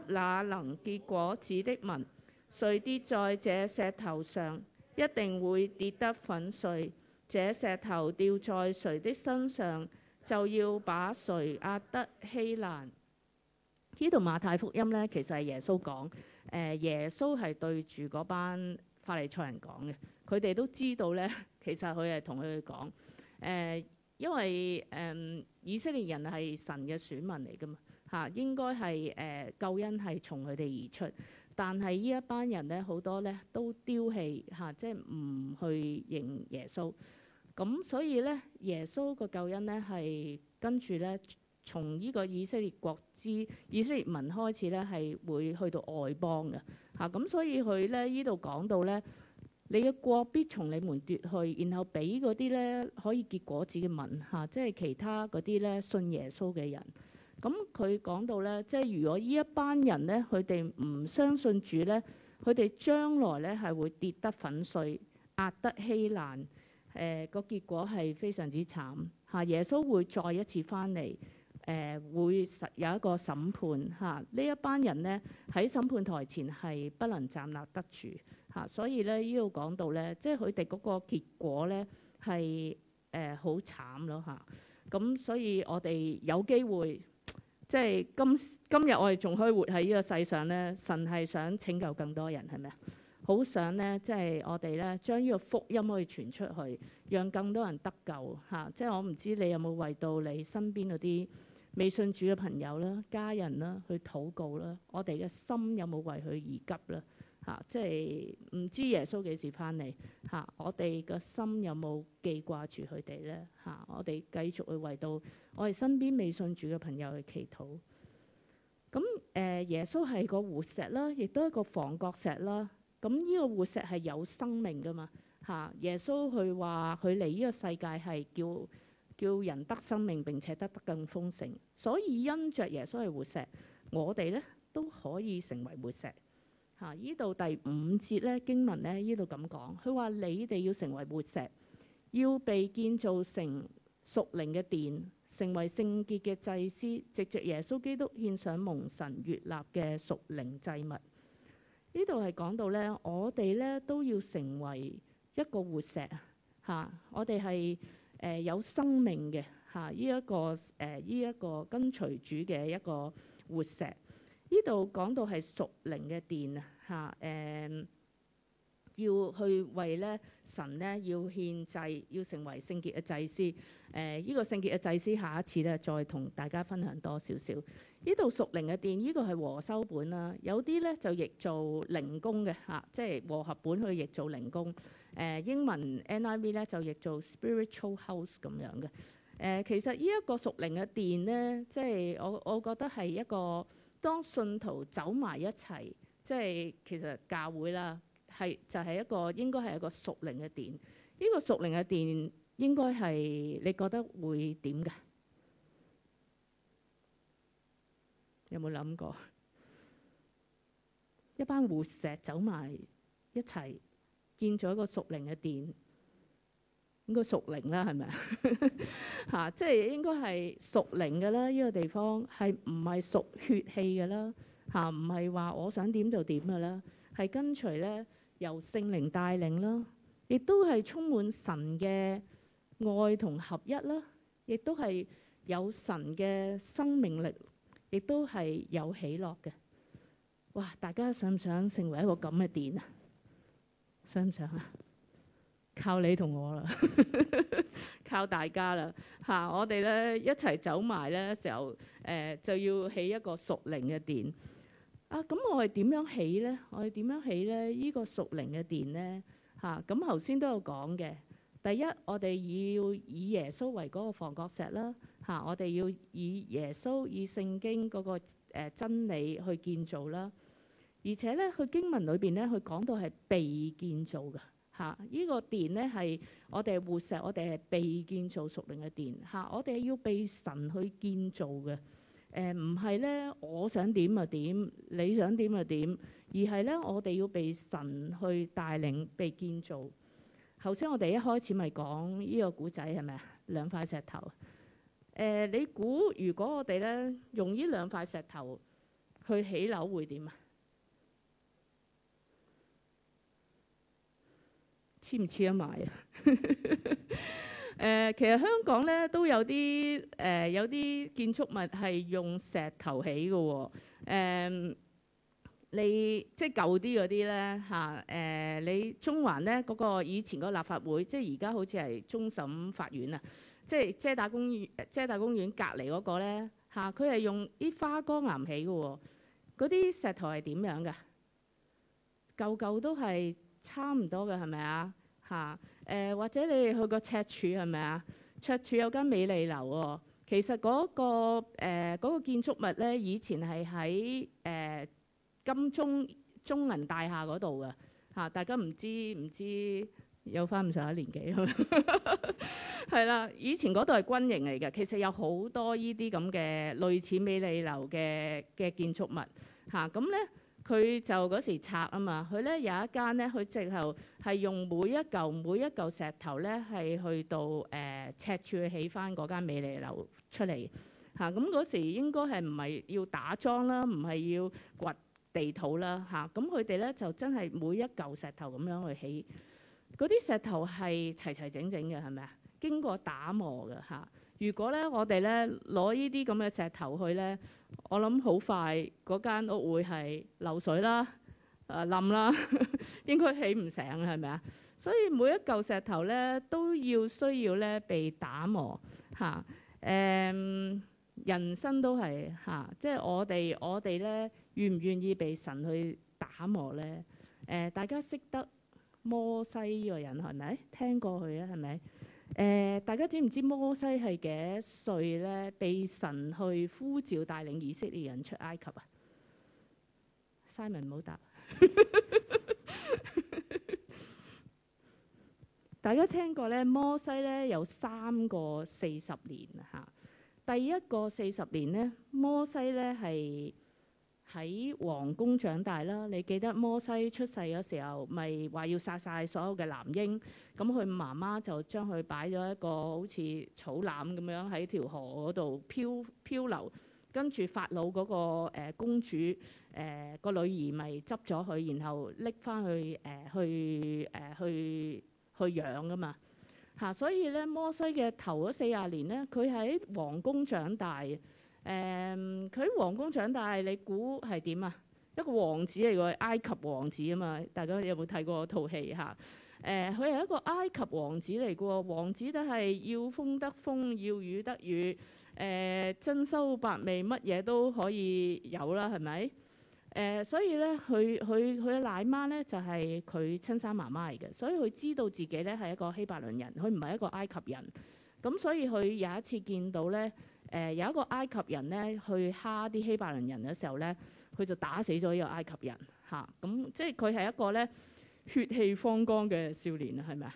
給那能結果子的民。誰跌在這石頭上，一定會跌得粉碎。這石頭掉在誰的身上，就要把誰壓得稀爛。呢度馬太福音呢，其實係耶穌講。誒耶穌係對住嗰班法利賽人講嘅，佢哋都知道咧，其實佢係同佢哋講，誒、呃、因為誒、嗯、以色列人係神嘅選民嚟㗎嘛，嚇應該係誒、呃、救恩係從佢哋而出，但係呢一班人咧好多咧都丟棄嚇，即係唔去認耶穌，咁所以咧耶穌個救恩咧係跟住咧。從呢個以色列國之以色列民開始咧，係會去到外邦嘅嚇，咁、啊、所以佢咧呢度講到咧，你嘅國必從你們奪去，然後俾嗰啲咧可以結果子嘅民嚇，即係其他嗰啲咧信耶穌嘅人。咁、啊、佢講到咧，即係如果一呢一班人咧，佢哋唔相信主咧，佢哋將來咧係會跌得粉碎、壓得稀爛，誒、啊那個結果係非常之慘嚇、啊。耶穌會再一次翻嚟。誒、呃、會有一個審判嚇，呢一班人呢，喺審判台前係不能站立得住嚇，所以咧呢度講到咧，即係佢哋嗰個結果咧係誒好慘咯嚇。咁所以我哋有機會，即係今今日我哋仲可以活喺呢個世上咧，神係想拯救更多人係咪啊？好想咧，即係我哋咧將呢個福音可以傳出去，讓更多人得救嚇。即係我唔知你有冇為到你身邊嗰啲。未信主嘅朋友啦、家人啦，去禱告啦，我哋嘅心有冇為佢而急啦？吓、啊，即係唔知耶穌幾時翻嚟？吓、啊，我哋嘅心有冇記掛住佢哋咧？吓、啊，我哋繼續去為到我哋身邊未信主嘅朋友去祈禱。咁誒、呃，耶穌係個活石啦，亦都係一個房角石啦。咁呢個活石係有生命噶嘛？吓、啊，耶穌去話佢嚟呢個世界係叫。叫人得生命並且得得更豐盛，所以因着耶穌係活石，我哋咧都可以成為活石。吓、啊，依度第五節咧經文咧依度咁講，佢話你哋要成為活石，要被建造成屬靈嘅殿，成為聖潔嘅祭司，藉着耶穌基督獻上蒙神悅納嘅屬靈祭物。呢度係講到咧，我哋咧都要成為一個活石。吓、啊，我哋係。誒、呃、有生命嘅嚇，呢、啊、一個誒呢、呃、一個跟隨主嘅一個活石。呢度講到係屬靈嘅殿啊嚇，誒、呃、要去為咧神咧要獻祭，要成為聖潔嘅祭司。誒、呃、依、這個聖潔嘅祭司，下一次咧再同大家分享多少少。呢度屬靈嘅殿，呢、這個係和修本啦。有啲咧就譯做靈宮嘅嚇、啊，即係和合本去譯做靈宮。誒、呃、英文 NIV 咧就譯做 spiritual house 咁樣嘅。誒、呃、其實呢一個屬靈嘅殿呢，即係我我覺得係一個當信徒走埋一齊，即係其實教會啦，係就係、是、一個應該係一個屬靈嘅殿。呢、這個屬靈嘅殿應該係你覺得會點㗎？有冇諗過一班活石走埋一齊？變咗一個屬靈嘅殿，應該屬靈啦，係咪 啊？嚇，即係應該係屬靈嘅啦，呢個地方係唔係屬血氣嘅啦？嚇、啊，唔係話我想點就點嘅啦，係跟隨咧由聖靈帶領啦，亦都係充滿神嘅愛同合一啦，亦都係有神嘅生命力，亦都係有喜樂嘅。哇！大家想唔想成為一個咁嘅殿啊？想唔想啊？靠你同我啦， 靠大家啦嚇、啊！我哋咧一齊走埋咧時候，誒、呃、就要起一個屬靈嘅殿啊！咁我哋點樣起咧？我哋點樣起咧？這個、呢個屬靈嘅殿咧嚇！咁頭先都有講嘅，第一我哋要以耶穌為嗰個房角石啦嚇、啊！我哋要以耶穌以聖經嗰個誒真理去建造啦。而且咧，佢經文裏邊咧，佢講到係被建造嘅嚇。依、啊這個殿咧係我哋活石，我哋係被建造屬靈嘅殿嚇、啊。我哋係要被神去建造嘅誒，唔係咧我想點就點，你想點就點，而係咧我哋要被神去帶領被建造。頭先我哋一開始咪講呢個古仔係咪啊？兩塊石頭誒、呃，你估如果我哋咧用呢兩塊石頭去起樓會點啊？黐唔黐得埋啊？誒、 呃，其實香港咧都有啲誒、呃，有啲建築物係用石頭起嘅喎、哦呃。你即係舊啲嗰啲咧嚇誒，你中環咧嗰，那個以前個立法會，即係而家好似係終審法院啊，即係遮打公園，遮打公園隔離嗰個咧嚇，佢、啊、係用啲花崗岩起嘅喎、哦，嗰啲石頭係點樣嘅？舊舊都係。差唔多嘅係咪啊？嚇誒、呃，或者你哋去過赤柱係咪啊？赤柱有間美利樓喎、哦，其實嗰、那個誒、呃那個、建築物咧，以前係喺誒金鐘中銀大廈嗰度嘅嚇，大家唔知唔知有翻唔上一年紀係啦。以前嗰度係軍營嚟嘅，其實有好多呢啲咁嘅類似美利樓嘅嘅建築物嚇，咁、啊、咧。佢就嗰時拆啊嘛，佢咧有一間咧，佢直頭係用每一嚿每一嚿石頭咧，係去到、呃、赤柱處起翻嗰間美利樓出嚟嚇。咁、啊、嗰時應該係唔係要打樁啦，唔係要掘地土啦嚇。咁佢哋咧就真係每一嚿石頭咁樣去起，嗰啲石頭係齊齊整整嘅係咪啊？經過打磨嘅嚇、啊。如果咧我哋咧攞呢啲咁嘅石頭去咧。我諗好快嗰間屋會係漏水啦，誒、呃、冧啦， 應該起唔醒係咪啊？所以每一嚿石頭咧都要需要咧被打磨嚇，誒、啊嗯、人生都係嚇、啊，即係我哋我哋咧願唔願意被神去打磨咧？誒、呃、大家識得摩西呢個人係咪？聽過佢啊係咪？誒、呃，大家知唔知摩西係幾多歲咧？被神去呼召帶領以色列人出埃及啊？Simon 唔好答。 大家聽過咧，摩西咧有三個四十年吓、啊。第一個四十年咧，摩西咧係。喺王宮長大啦！你記得摩西出世嘅時候，咪話要殺晒所有嘅男嬰，咁佢媽媽就將佢擺咗一個好似草籃咁樣喺條河嗰度漂漂流，跟住法老嗰、嗰個、呃、公主誒個、呃、女兒咪執咗佢，然後拎翻去誒、呃、去誒、呃、去、呃、去，去養㗎啊嘛嚇！所以咧摩西嘅頭嗰四十年咧，佢喺王宮長大。誒佢喺皇宮長大，你估係點啊？一個王子嚟㗎，埃及王子啊嘛！大家有冇睇過套戲嚇？誒、嗯，佢係一個埃及王子嚟㗎喎。王子都係要風得風，要雨得雨，誒、嗯，珍饈百味，乜嘢都可以有啦，係咪？誒、嗯，所以咧，佢佢佢嘅奶媽咧就係、是、佢親生媽媽嚟嘅，所以佢知道自己咧係一個希伯倫人，佢唔係一個埃及人。咁所以佢有一次見到咧。誒、呃、有一個埃及人咧，去蝦啲希伯來人嘅時候咧，佢就打死咗呢個埃及人嚇。咁、啊嗯、即係佢係一個咧血氣方剛嘅少年啊，係咪啊？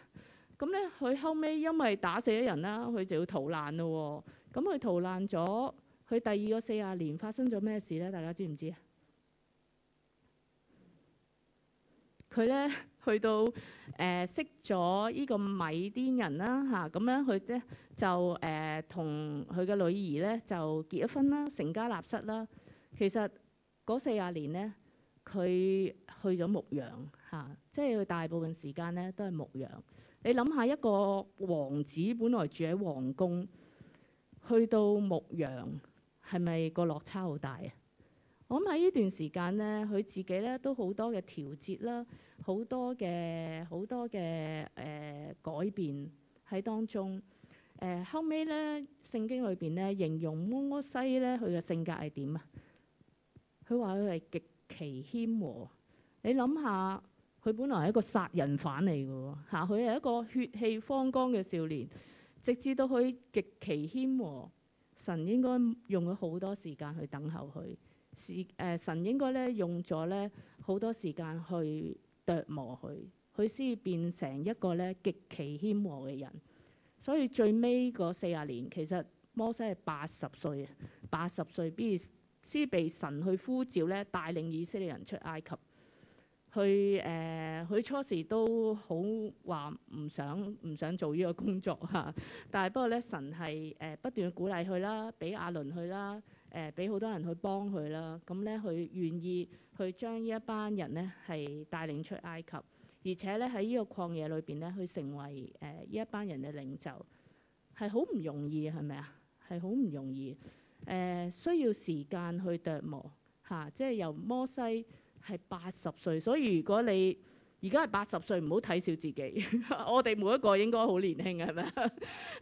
咁咧佢後尾因為打死咗人啦，佢就要逃難咯、哦。咁、嗯、佢逃難咗，佢第二個四十年發生咗咩事咧？大家知唔知啊？佢咧。去到誒、呃、識咗呢個米甸人啦嚇，咁、啊、樣佢咧就誒同佢嘅女兒咧就結咗婚啦，成家立室啦。其實嗰四十年咧，佢去咗牧羊嚇、啊，即係佢大部分時間咧都係牧羊。你諗下一個王子本來住喺皇宮，去到牧羊係咪個落差好大啊？我諗喺呢段時間咧，佢自己咧都好多嘅調節啦。好多嘅好多嘅誒、呃、改變喺當中誒、呃、後尾咧，聖經裏邊咧，形容摩西咧，佢嘅性格係點啊？佢話佢係極其謙和。你諗下，佢本來係一個殺人犯嚟嘅喎嚇，佢係一個血氣方剛嘅少年，直至到佢極其謙和，神應該用咗好多時間去等候佢。時、誒、呃，神應該咧用咗咧好多時間去。琢磨佢，佢先變成一個咧極其謙和嘅人。所以最尾嗰四十年，其實摩西係八十歲啊，八十歲先被神去呼召咧帶領以色列人出埃及。佢誒，佢、呃、初時都好話唔想唔想做呢個工作吓，但係不過咧神係誒、呃、不斷鼓勵佢啦，俾亞倫去啦。誒俾好多人去幫佢啦，咁咧佢願意去將呢一班人咧係帶領出埃及，而且咧喺呢個曠野裏邊咧，去成為誒呢、呃、一班人嘅領袖，係好唔容易係咪啊？係好唔容易誒、呃，需要時間去琢磨嚇、啊，即係由摩西係八十歲，所以如果你而家係八十歲，唔好睇小自己。 我哋每一個應該好年輕嘅係咪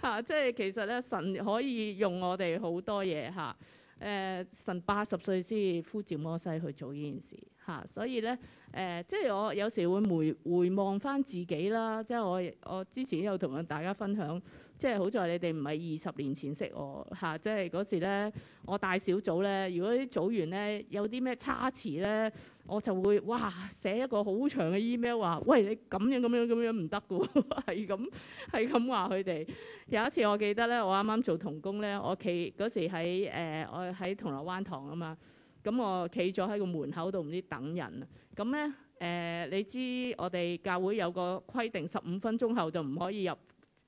啊？即係其實咧，神可以用我哋好多嘢嚇。啊。誒神、呃、八十歲先呼召摩西去做呢件事嚇、啊，所以咧誒、呃、即係我有時會回回望翻自己啦，即係我我之前有同大家分享，即係好在你哋唔係二十年前識我嚇、啊，即係嗰時咧我帶小組咧，如果啲組員咧有啲咩差池咧。我就會哇寫一個好長嘅 email 話，喂，你咁樣咁樣咁樣唔得嘅喎，係咁係咁話佢哋。有一次我記得咧，我啱啱做童工咧，我企嗰時喺誒、呃、我喺銅鑼灣堂啊嘛，咁我企咗喺個門口度唔知等人。咁咧誒你知我哋教會有個規定，十五分鐘後就唔可以入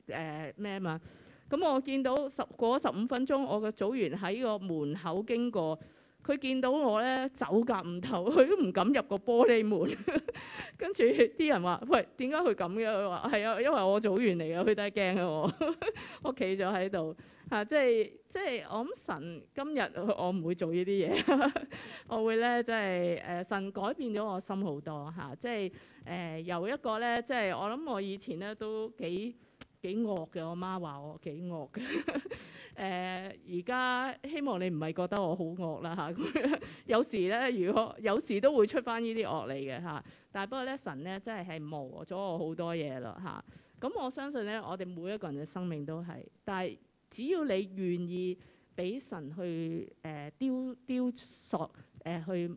誒咩啊嘛。咁我見到十過咗、嗰個、十五分鐘，我嘅組員喺個門口經過。佢見到我咧走夾唔唞，佢都唔敢入個玻璃門。 跟住啲人話：喂，點解佢咁嘅？佢話：係啊，因為我做員嚟嘅，佢都係驚啊，我。我企咗喺度嚇，即係即係我諗神今日我唔會做呢啲嘢，我會咧，即係誒神改變咗我心好多嚇、啊，即係誒由一個咧，即係我諗我以前咧都幾幾惡嘅，我媽話我幾惡嘅。 誒而家希望你唔係覺得我好惡啦嚇，啊、 有時咧，如果有時都會出翻呢啲惡嚟嘅嚇。但係不過咧，神咧真係係磨咗我好多嘢咯嚇。咁、啊嗯、我相信咧，我哋每一個人嘅生命都係，但係只要你願意俾神去誒雕雕塑誒去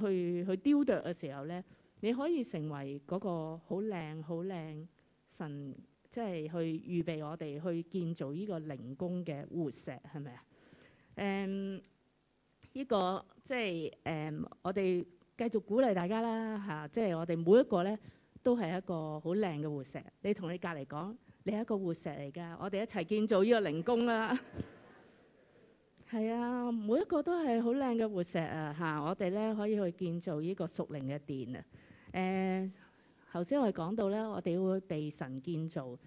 去去雕琢嘅時候咧，你可以成為嗰個好靚好靚神。即係去預備我哋去建造呢個靈宮嘅活石係咪啊？誒，呢、um, 這個即係誒，um, 我哋繼續鼓勵大家啦嚇、啊！即係我哋每一個咧都係一個好靚嘅活石。你同你隔離講，你係一個活石嚟㗎。我哋一齊建造呢個靈宮啦。係 啊，每一個都係好靚嘅活石啊！嚇、啊，我哋咧可以去建造呢個屬靈嘅殿啊！誒、啊。頭先我哋講到咧，我哋會被神建造，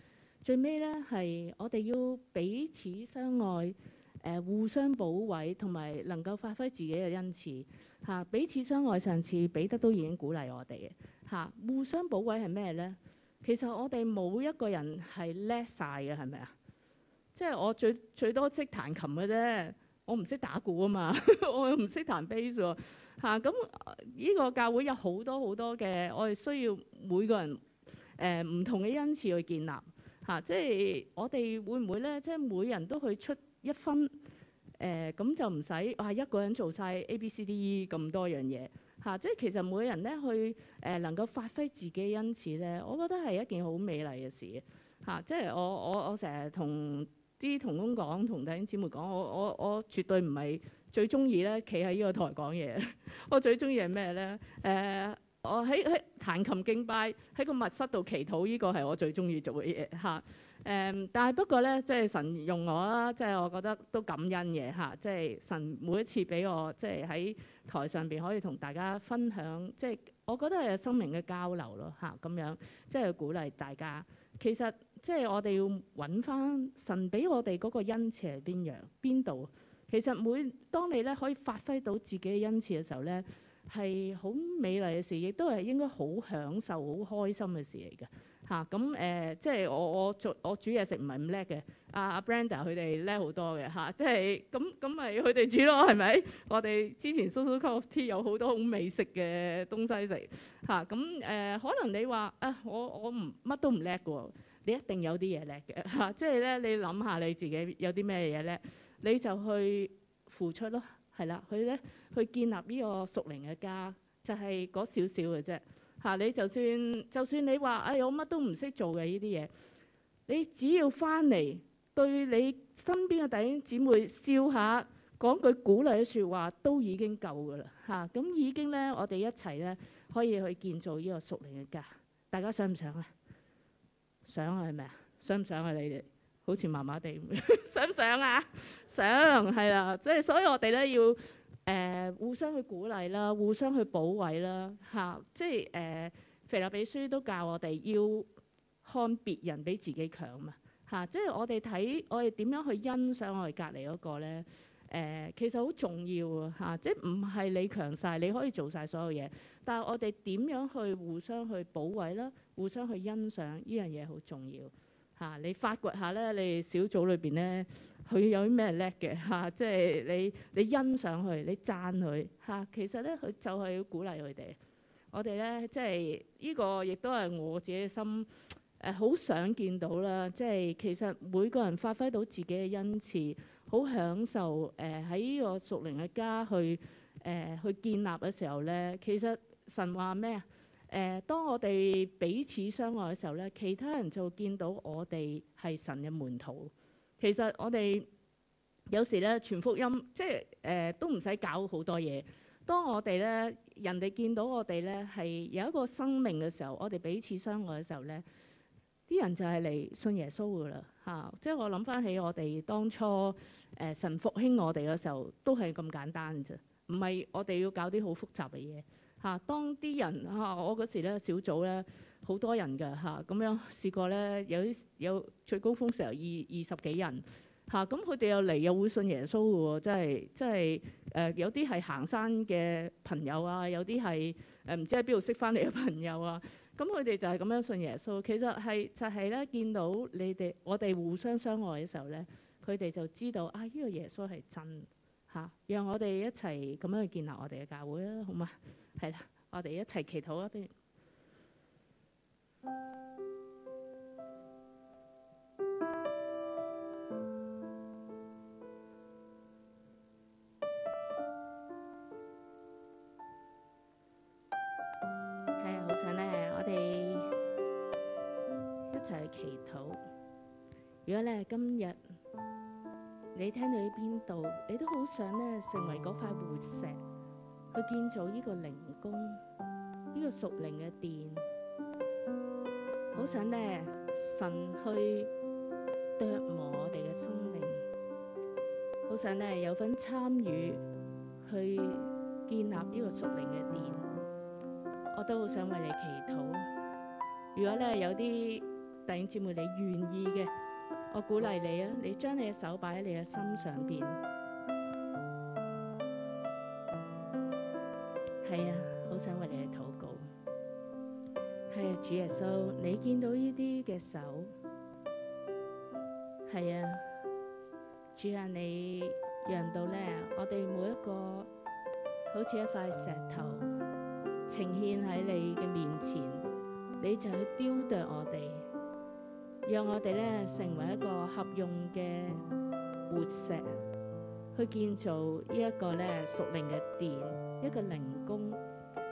最尾咧係我哋要彼此相愛，誒、呃、互相補位，同埋能夠發揮自己嘅恩賜嚇、啊。彼此相愛，上次彼得都已經鼓勵我哋嘅嚇。互、啊、相補位係咩咧？其實我哋冇一個人係叻晒嘅，係咪啊？即係我最最多識彈琴嘅啫，我唔識打鼓啊嘛， 我又唔識彈 bass。嚇，咁呢個教會有好多好多嘅，我哋需要每個人誒唔、呃、同嘅恩賜去建立嚇、啊，即係我哋會唔會咧？即係每人都去出一分誒，咁、呃、就唔使哇一個人做晒 A、B、C、D、E 咁多樣嘢嚇、啊，即係其實每個人咧去誒、呃、能夠發揮自己恩賜咧，我覺得係一件好美麗嘅事嚇、啊。即係我我我成日同啲同工講，同弟兄姊妹講，我我我絕對唔係。最中意咧，企喺呢個台講嘢、 呃。我最中意係咩咧？誒，我喺喺彈琴敬拜，喺個密室度祈禱，呢個係我最中意做嘅嘢嚇。誒、啊，但係不過咧，即係神用我啦，即係我覺得都感恩嘅嚇、啊。即係神每一次俾我，即係喺台上邊可以同大家分享，即係我覺得係生命嘅交流咯嚇。咁、啊、樣即係鼓勵大家。其實即係我哋要搵返神俾我哋嗰個恩賜係邊樣邊度。其實每當你咧可以發揮到自己嘅恩賜嘅時候咧，係好美麗嘅事，亦都係應該好享受、好開心嘅事嚟嘅嚇。咁、啊、誒、呃，即係我我做我煮嘢食唔係咁叻嘅，阿、啊、阿 Brenda 佢哋叻好多嘅嚇、啊。即係咁咁咪佢哋煮咯，係咪？我哋之前蘇蘇 Coffee Tea 有好多好美食嘅東西食嚇。咁、啊、誒、呃，可能你話啊，我我唔乜都唔叻嘅，你一定有啲嘢叻嘅嚇。即係咧，你諗下你自己有啲咩嘢叻？你就去付出咯，係啦，佢咧去建立呢個屬靈嘅家，就係嗰少少嘅啫嚇。你就算就算你話，哎，我乜都唔識做嘅呢啲嘢，你只要翻嚟對你身邊嘅弟兄姊妹笑下，講句鼓勵嘅説話，都已經夠嘅啦嚇。咁、啊、已經咧，我哋一齊咧可以去建造呢個屬靈嘅家。大家想唔想啊？想係咪啊？想唔想啊？你哋好似麻麻地， 想唔想啊？想，係啦，即係所以我哋咧要誒、呃、互相去鼓勵啦，互相去補位啦嚇。即係誒《腓、呃、立比書》都教我哋要看別人比自己強嘛嚇、啊。即係我哋睇我哋點樣去欣賞我哋隔離嗰個咧誒、啊，其實好重要嚇、啊。即係唔係你強曬，你可以做晒所有嘢，但係我哋點樣去互相去補位啦？互相去欣賞呢樣嘢好重要嚇、啊。你發掘下咧，你哋小組裏邊咧。佢有啲咩叻嘅嚇，即係你你欣賞佢，你讚佢嚇、啊。其實咧，佢就係要鼓勵佢哋。我哋咧，即係呢個亦都係我自己嘅心誒，好、呃、想見到啦。即係其實每個人發揮到自己嘅恩賜，好享受誒喺呢個屬靈嘅家去誒、呃、去建立嘅時候咧。其實神話咩啊？誒、呃，當我哋彼此相愛嘅時候咧，其他人就會見到我哋係神嘅門徒。其實我哋有時咧傳福音，即係誒、呃、都唔使搞好多嘢。當我哋咧人哋見到我哋咧係有一個生命嘅時候，我哋彼此相愛嘅時候咧，啲人就係嚟信耶穌噶啦嚇。即係我諗翻起我哋當初誒、呃、神復興我哋嘅時候，都係咁簡單啫，唔係我哋要搞啲好複雜嘅嘢嚇。當啲人嚇、啊、我嗰時咧小組咧。好多人㗎，咁、啊、樣試過咧，有啲有最高峰時候二二十幾人嚇，咁佢哋又嚟又會信耶穌嘅喎、啊，即係即係有啲係行山嘅朋友啊，有啲係誒唔知喺邊度識翻嚟嘅朋友啊，咁佢哋就係咁樣信耶穌。其實係就係、是、咧，見到你哋我哋互相相愛嘅時候咧，佢哋就知道啊，呢、這個耶穌係真嚇、啊，讓我哋一齊咁樣去建立我哋嘅教會啊，好嘛？係啦，我哋一齊祈禱啊，俾。係好想呢，我哋一齊去祈禱。如果呢今日你聽到喺邊度，你都好想呢成為嗰塊活石，去建造呢個靈宮，呢個屬靈嘅殿。好想呢神去啄磨我哋嘅生命；好想呢有份參與去建立呢個屬靈嘅殿。我都好想為你祈禱。如果呢有啲弟兄姊妹你願意嘅，我鼓勵你啊，你將你嘅手擺喺你嘅心上邊。主耶穌，你見到呢啲嘅手，係啊，主啊，你讓到咧，我哋每一個好似一塊石頭呈現喺你嘅面前，你就去雕琢我哋，讓我哋咧成為一個合用嘅活石，去建造呢一個咧屬靈嘅殿，一個靈宮，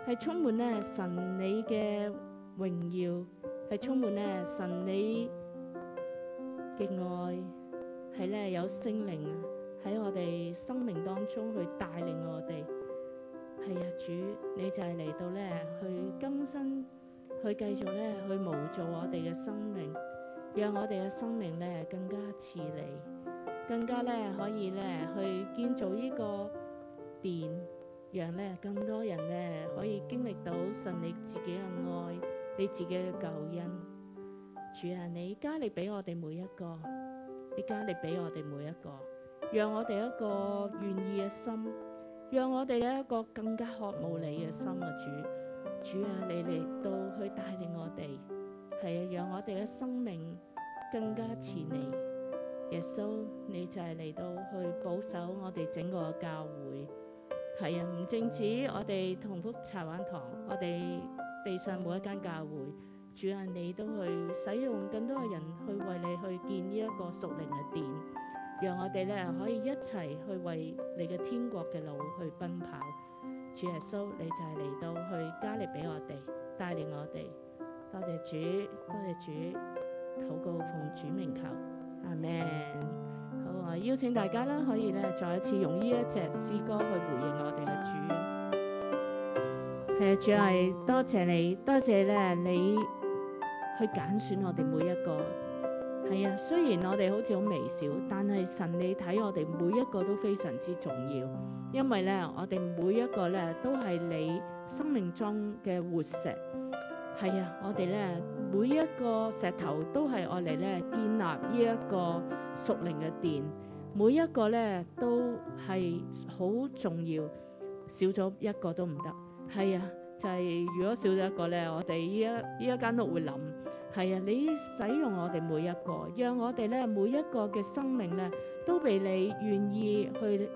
係充滿咧神你嘅。榮耀係充滿咧神你嘅愛，係咧有聖靈喺我哋生命當中去帶領我哋，係、哎、啊主你就係嚟到咧去更新，去繼續咧去模造我哋嘅生命，讓我哋嘅生命咧更加似你，更加咧可以咧去建造呢個殿，讓咧更多人咧可以經歷到神你自己嘅愛。你自己嘅救恩，主啊你！你加你俾我哋每一個，你加你俾我哋每一個，讓我哋一個願意嘅心，讓我哋有一個更加渴慕你嘅心啊！主，主啊！你嚟到去帶領我哋，係啊，讓我哋嘅生命更加似你耶穌，你就係嚟到去保守我哋整個教會，係啊！唔淨止我哋同福茶玩堂，我哋。地上每一間教會，主啊，你都去使用更多嘅人去為你去建呢一個屬靈嘅殿，讓我哋咧可以一齊去為你嘅天國嘅路去奔跑。主耶穌，你就係嚟到去加力俾我哋，帶領我哋。多謝主，多謝主，禱告奉主名求，阿門。好啊，邀請大家啦，可以咧再一次用呢一隻詩歌去回應我哋嘅主。誒，主係多謝你，多謝咧，你去揀選我哋每一個係啊。雖然我哋好似好微小，但係神，你睇我哋每一個都非常之重要，因為咧，我哋每一個咧都係你生命中嘅活石。係啊，我哋咧每一個石頭都係我嚟咧建立呢一個屬靈嘅殿，每一個咧都係好重要，少咗一個都唔得。係啊，就係如果少咗一個咧，我哋依一依一間屋會冧。係啊，你使用我哋每一個，讓我哋咧每一個嘅生命咧，都俾你願意去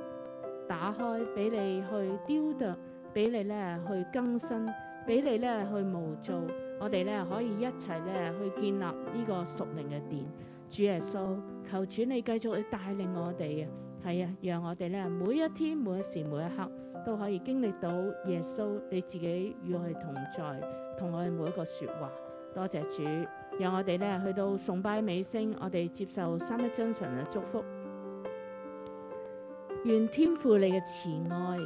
打開，俾你去雕琢，俾你咧去更新，俾你咧去模造。我哋咧可以一齊咧去建立依個屬靈嘅殿。主耶穌，求主你繼續去帶領我哋啊。係啊，讓我哋咧每一天每一時每一刻，都可以經歷到耶穌你自己與我哋同在，同我哋每一個説話。多謝主，讓我哋咧去到崇拜尾聲，我哋接受三一真神嘅祝福。願天父你嘅慈愛，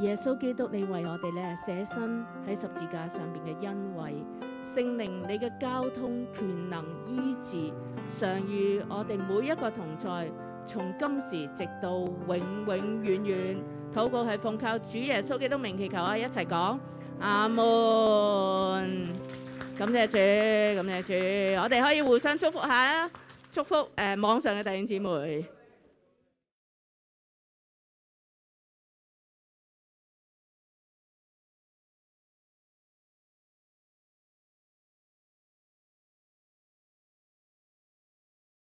耶穌基督你為我哋咧捨身喺十字架上邊嘅恩惠，聖靈你嘅交通權能醫治，常與我哋每一個同在，從今時直到永永遠遠。禱告係奉靠主耶穌基督名祈求啊！一齊講，阿門。感謝主，感謝主，我哋可以互相祝福下、啊、祝福誒、呃、網上嘅弟兄姊妹。